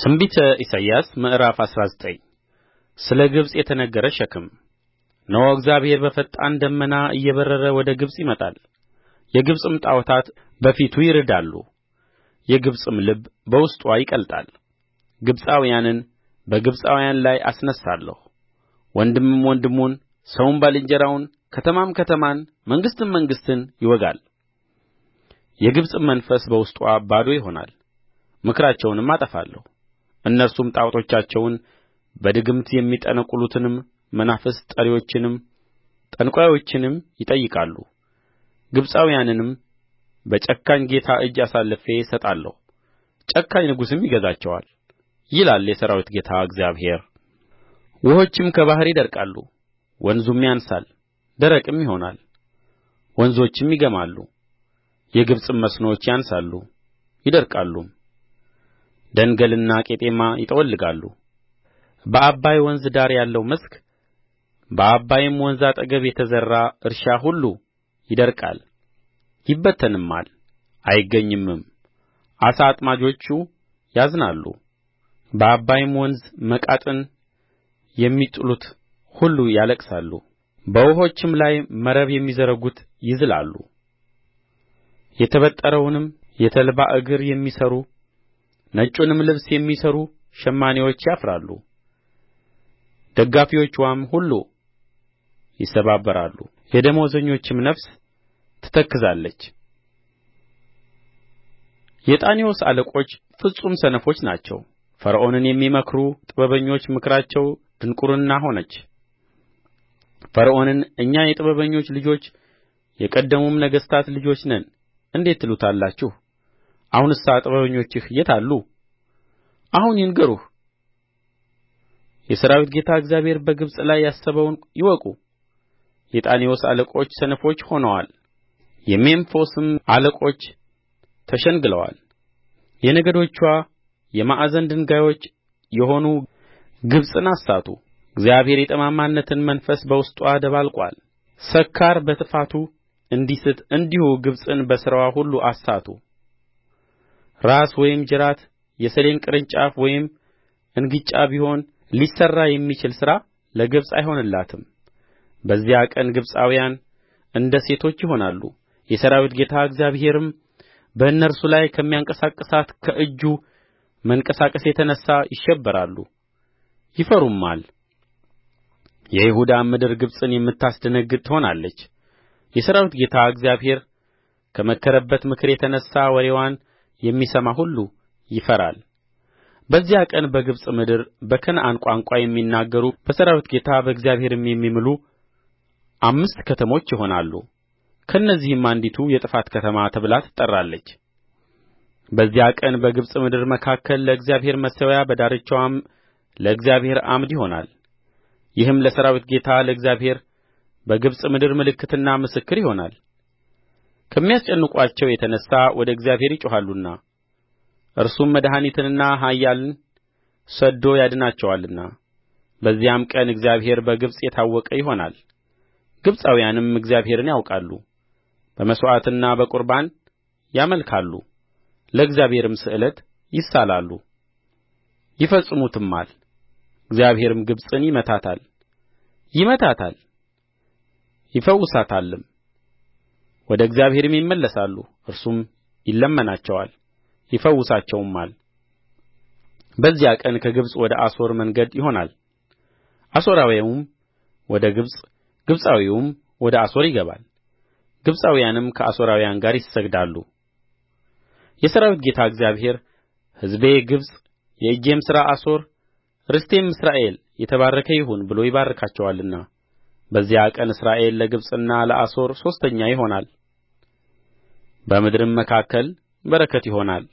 ትንቢተ ኢሳይያስ ምዕራፍ አስራ ዘጠኝ ስለ ግብጽ የተነገረ ሸክም እነሆ እግዚአብሔር በፈጣን ደመና እየበረረ ወደ ግብጽ ይመጣል የግብጽም ጣዖታት በፊቱ ይርዳሉ የግብጽም ልብ በውስጥዋ ይቀልጣል ግብጻውያንን በግብጻውያን ላይ አስነሣለሁ ወንድምም ወንድሙን ሰውም ባልንጀራውን ከተማም ከተማን መንግሥትም መንግሥትን ይወጋል የግብጽም መንፈስ በውስጥዋ ባዶ ይሆናል ምክራቸውንም አጠፋለሁ እነርሱም ጣዖቶቻቸውን በድግምት የሚጠነቍሉትንም መናፍስት ጠሪዎችንም ጠንቋዮችንም ይጠይቃሉ ግብጻውያንንም በጨካኝ ጌታ እጅ አሳልፌ እሰጣለሁ ጨካኝ ንጉሥም ይገዛቸዋል ይላል የሠራዊት ጌታ እግዚአብሔር ውኆችም ከባሕር ይደርቃሉ ወንዙም ያንሳል ደረቅም ይሆናል ወንዞችም ይገማሉ የግብጽም መስኖች ያንሳሉ ይደርቃሉም ደንገልና ቄጤማ ይጠወልጋሉ በዓባይ ወንዝ ዳር ያለው መስክ በዓባይም ወንዝ አጠገብ የተዘራ እርሻ ሁሉ ይደርቃል ይበተንማል አይገኝምም ዓሣ አጥማጆቹ ያዝናሉ በዓባይም ወንዝ መቃጥን የሚጥሉት ሁሉ ያለቅሳሉ በውኆችም ላይ መረብ የሚዘረጉት ይዝላሉ የተበጠረውንም የተልባ እግር የሚሠሩ ነጩንም ልብስ የሚሠሩ ሸማኔዎች ያፍራሉ ደጋፊዎችዋም ሁሉ ይሰባበራሉ የደመወዘኞችም ነፍስ ትተክዛለች የጣኔዎስ አለቆች ፍጹም ሰነፎች ናቸው ፈርዖንን የሚመክሩ ጥበበኞች ምክራቸው ድንቍርና ሆነች ፈርዖንን እኛ የጥበበኞች ልጆች የቀደሙም ነገሥታት ልጆች ነን እንዴት ትሉታላችሁ አሁንሳ ጥበበኞችህ የት አሉ አሁን ይንገሩህ የሠራዊት ጌታ እግዚአብሔር በግብጽ ላይ ያሰበውን ይወቁ የጣኔዎስ አለቆች ሰነፎች ሆነዋል የሜምፎስም አለቆች ተሸንግለዋል የነገዶችዋ የማዕዘን ድንጋዮች የሆኑ ግብጽን አሳቱ እግዚአብሔር የጠማማነትን መንፈስ በውስጥዋ ደባልቋል ሰካር በትፋቱ እንዲስት እንዲሁ ግብጽን በሥራዋ ሁሉ አሳቱ ራስ ወይም ጅራት የሰሌን ቅርንጫፍ ወይም እንግጫ ቢሆን ሊሠራ የሚችል ሥራ ለግብጽ አይሆንላትም በዚያ ቀን ግብጻውያን እንደ ሴቶች ይሆናሉ የሠራዊት ጌታ እግዚአብሔርም በእነርሱ ላይ ከሚያንቀሳቅሳት ከእጁ መንቀሳቀስ የተነሣ ይሸበራሉ ይፈሩማል የይሁዳም ምድር ግብጽን የምታስደነግጥ ትሆናለች የሠራዊት ጌታ እግዚአብሔር ከመከረበት ምክር የተነሣ ወሬዋን የሚሰማ ሁሉ ይፈራል በዚያ ቀን በግብጽ ምድር በከነዓን ቋንቋ የሚናገሩ በሠራዊት ጌታ በእግዚአብሔርም የሚምሉ አምስት ከተሞች ይሆናሉ ከእነዚህም አንዲቱ የጥፋት ከተማ ተብላ ትጠራለች በዚያ ቀን በግብጽ ምድር መካከል ለእግዚአብሔር መሠዊያ በዳርቻዋም ለእግዚአብሔር ዓምድ ይሆናል ይህም ለሠራዊት ጌታ ለእግዚአብሔር በግብጽ ምድር ምልክትና ምስክር ይሆናል ከሚያስጨንቁአቸው የተነሣ ወደ እግዚአብሔር ይጮኻሉና እርሱም መድኃኒትንና ኃያልን ሰድዶ ያድናቸዋልና በዚያም ቀን እግዚአብሔር በግብጽ የታወቀ ይሆናል ግብጻውያንም እግዚአብሔርን ያውቃሉ በመሥዋዕትና በቍርባን ያመልካሉ ለእግዚአብሔርም ስእለት ይሳላሉ ይፈጽሙትማል እግዚአብሔርም ግብጽን ይመታታል ይመታታል ይፈውሳታልም ወደ እግዚአብሔርም ይመለሳሉ እርሱም ይለመናቸዋል ይፈውሳቸውማል በዚያ ቀን ከግብጽ ወደ አሦር መንገድ ይሆናል አሦራዊውም ወደ ግብጽ ግብጻዊውም ወደ አሦር ይገባል ግብጻውያንም ከአሦራውያን ጋር ይሰግዳሉ የሠራዊት ጌታ እግዚአብሔር ሕዝቤ ግብጽ የእጄም ሥራ አሦር ርስቴም እስራኤል የተባረከ ይሁን ብሎ ይባርካቸዋልና በዚያ ቀን እስራኤል ለግብጽና ለአሦር ሦስተኛ ይሆናል በምድርም መካከል በረከት ይሆናል